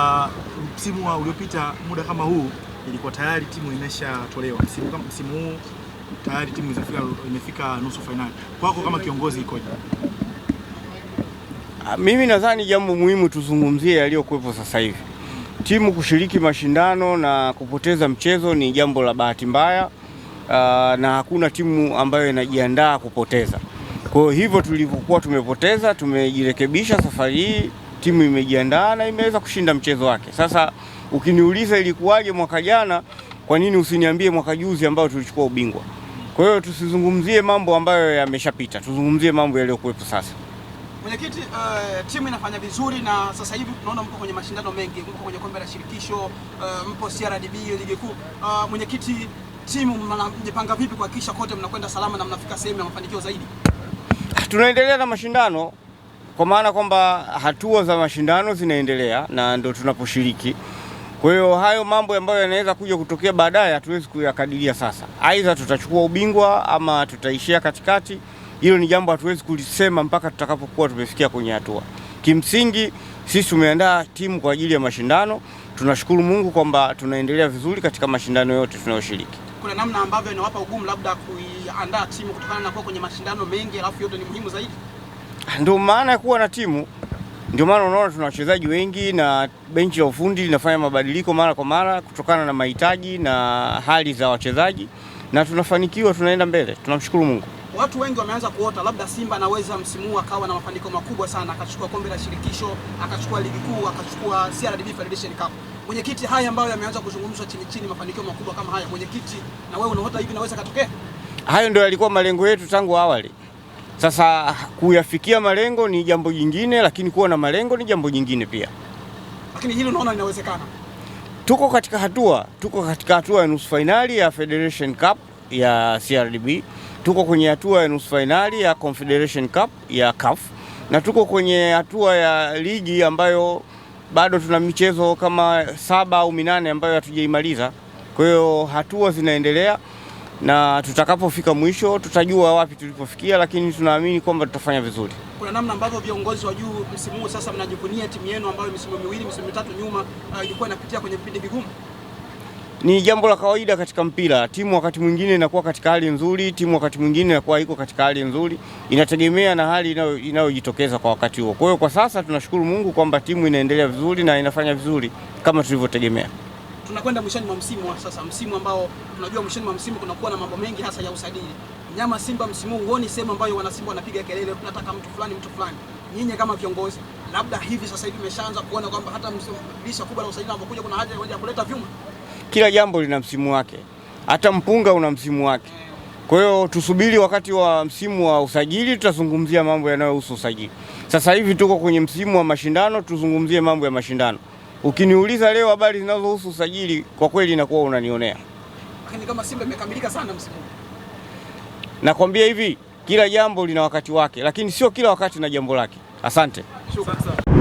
Uh, msimu uliopita muda kama huu ilikuwa tayari timu imeshatolewa. Msimu kama msimu huu tayari timu imefika, imefika nusu fainali. Kwako kama kiongozi ikoje? Ah, mimi nadhani jambo muhimu tuzungumzie yaliyokuwepo sasa hivi. Timu kushiriki mashindano na kupoteza mchezo ni jambo la bahati mbaya, uh, na hakuna timu ambayo inajiandaa kupoteza. Kwa hivyo tulivyokuwa tumepoteza, tumejirekebisha safari hii timu imejiandaa na imeweza kushinda mchezo wake. Sasa ukiniuliza ilikuwaje mwaka jana, kwa nini usiniambie mwaka juzi ambao tulichukua ubingwa? Kwa hiyo tusizungumzie mambo ambayo yameshapita, tuzungumzie mambo yaliyokuwepo sasa. Mwenyekiti, uh, timu inafanya vizuri na sasa hivi tunaona mko kwenye mashindano mengi, mko kwenye kombe la shirikisho, uh, mpo CRDB ligi kuu. Uh, mwenyekiti, timu mnajipanga vipi kuhakikisha kote mnakwenda salama na mnafika sehemu ya mafanikio zaidi? Tunaendelea na mashindano kwa maana kwamba hatua za mashindano zinaendelea na ndo tunaposhiriki. Kwa hiyo hayo mambo ambayo yanaweza kuja kutokea baadaye hatuwezi kuyakadiria sasa, aidha tutachukua ubingwa ama tutaishia katikati. Hilo ni jambo hatuwezi kulisema mpaka tutakapokuwa tumefikia kwenye hatua. Kimsingi sisi tumeandaa timu kwa ajili ya mashindano. Tunashukuru Mungu kwamba tunaendelea vizuri katika mashindano yote tunayoshiriki. Kuna namna ambavyo inawapa ugumu labda kuiandaa timu kutokana na kuwa kwenye mashindano mengi, alafu yote ni muhimu zaidi. Ndio maana ya kuwa na timu, ndio maana unaona tuna wachezaji wengi na benchi la ufundi linafanya mabadiliko mara kwa mara kutokana na mahitaji na hali za wachezaji, na tunafanikiwa, tunaenda mbele, tunamshukuru Mungu. Watu wengi wameanza kuota labda Simba anaweza msimu huu akawa na mafanikio makubwa sana, akachukua kombe la shirikisho, akachukua ligi kuu, akachukua CRDB Federation Cup. Mwenyekiti, haya ambayo yameanza kuzungumzwa chini chini, mafanikio makubwa kama haya, mwenyekiti, na wewe unaota hivi naweza katokea? Hayo ndio yalikuwa malengo yetu tangu awali. Sasa kuyafikia malengo ni jambo jingine, lakini kuwa na malengo ni jambo jingine pia. Lakini hilo naona linawezekana. Tuko katika hatua, tuko katika hatua ya nusu fainali ya Federation Cup ya CRDB, tuko kwenye hatua ya nusu fainali ya Confederation Cup ya CAF na tuko kwenye hatua ya ligi ambayo bado tuna michezo kama saba au minane ambayo hatujaimaliza. Kwa hiyo hatua zinaendelea na tutakapofika mwisho tutajua wapi tulipofikia, lakini tunaamini kwamba tutafanya vizuri. Kuna namna ambavyo viongozi wa juu msimu huu sasa mnajivunia timu yenu ambayo misimu miwili misimu mitatu nyuma ah, ilikuwa uh, inapitia kwenye vipindi vigumu. Ni jambo la kawaida katika mpira. Timu wakati mwingine inakuwa katika hali nzuri, timu wakati mwingine inakuwa iko katika hali nzuri, inategemea na hali inayojitokeza kwa wakati huo. Kwa hiyo kwa sasa tunashukuru Mungu kwamba timu inaendelea vizuri na inafanya vizuri kama tulivyotegemea tunakwenda mwishoni mwa msimu sasa, msimu ambao tunajua mwishoni mwa msimu kunakuwa na mambo mengi hasa ya usajili. Nyama Simba msimu huu huoni sehemu ambayo wana Simba wanapiga kelele, tunataka mtu fulani, mtu fulani. Nyinyi kama viongozi, labda hivi sasa hivi meshaanza kuona kwamba hata dirisha kubwa la usajili linapokuja, kuna haja ya kuleta vyuma. Kila jambo lina msimu wake, hata mpunga una msimu wake. Kwa hiyo tusubiri wakati wa msimu wa usajili, tutazungumzia mambo yanayohusu usajili. Sasa hivi tuko kwenye msimu wa mashindano, tuzungumzie mambo ya mashindano. Ukiniuliza leo habari zinazohusu usajili, kwa kweli inakuwa unanionea. Lakini kama Simba imekamilika sana msimu Nakwambia hivi, kila jambo lina wakati wake, lakini sio kila wakati na jambo lake. Asante. Shukrani.